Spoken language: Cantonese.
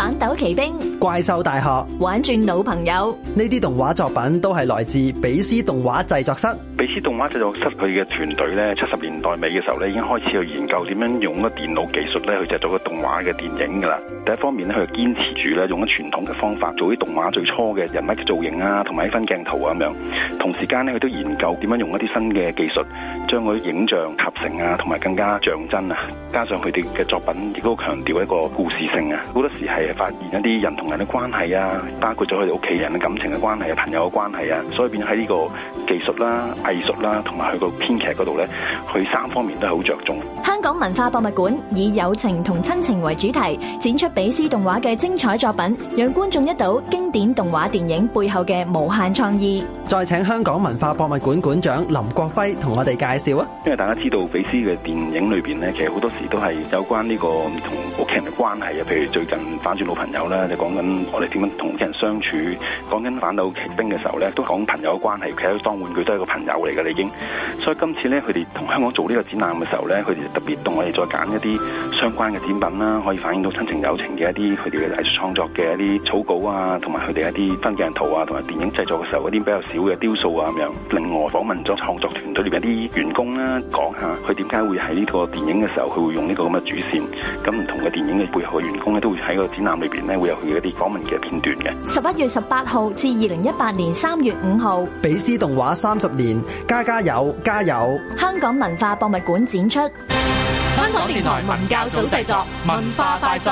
反斗奇兵》、《怪獸大學》、《玩轉老朋友》呢啲動畫作品都係來自比斯動畫製作室。比斯動畫製作室佢嘅團隊咧，七十年代尾嘅時候咧，已經開始去研究點樣用個電腦技術咧去製作個動畫嘅電影噶啦。第一方面咧，佢堅持住咧用咗傳統嘅方法做啲動畫最初嘅人物嘅造型啊，同埋啲分鏡頭啊咁樣。同時間咧，佢都研究點樣用一啲新嘅技術，將佢啲影像合成啊，同埋更加像真啊。加上佢哋嘅作品亦都強調一個故事性啊，好多時係。發現一啲人同人嘅關係啊，包括咗佢哋屋企人嘅感情嘅關係啊，朋友嘅關係啊，所以變咗喺呢個技術啦、藝術啦，同埋佢個編劇嗰度咧，佢三方面都係好着重。香港文化博物館以友情同親情為主題，展出彼思動畫嘅精彩作品，讓觀眾一睹經典動畫電影背後嘅無限創意。再請香港文化博物館館長林國輝同我哋介紹啊。因為大家知道彼思嘅電影裏邊咧，其實好多時都係有關呢個同屋企人嘅關係啊，譬如最近反。老朋友啦，就講緊我哋點樣同啲人相處，講緊反斗奇兵嘅時候咧，都講朋友嘅關係，其實當玩具都係個朋友嚟嘅啦，已經，所以今次咧，佢哋同香港做呢個展覽嘅時候咧，佢哋特別同我哋再揀一啲相關嘅展品啦，可以反映到親情友情嘅一啲佢哋嘅藝術創作嘅一啲草稿啊，同埋佢哋一啲分鏡圖啊，同埋電影製作嘅時候嗰啲比較少嘅雕塑啊咁樣。另外訪問咗創作團隊裏邊一啲員工啦，講下佢點解會喺呢個電影嘅時候佢會用呢個咁嘅主線，咁唔同嘅電影嘅背後嘅員工咧，都會喺個展覽裏邊咧會有佢一啲訪問嘅片段嘅。十一月十八號至二零一八年三月五號，比斯動畫三十年，加加油，加油！香港文化博物館展出，香港電台文教組製作，文化快訊。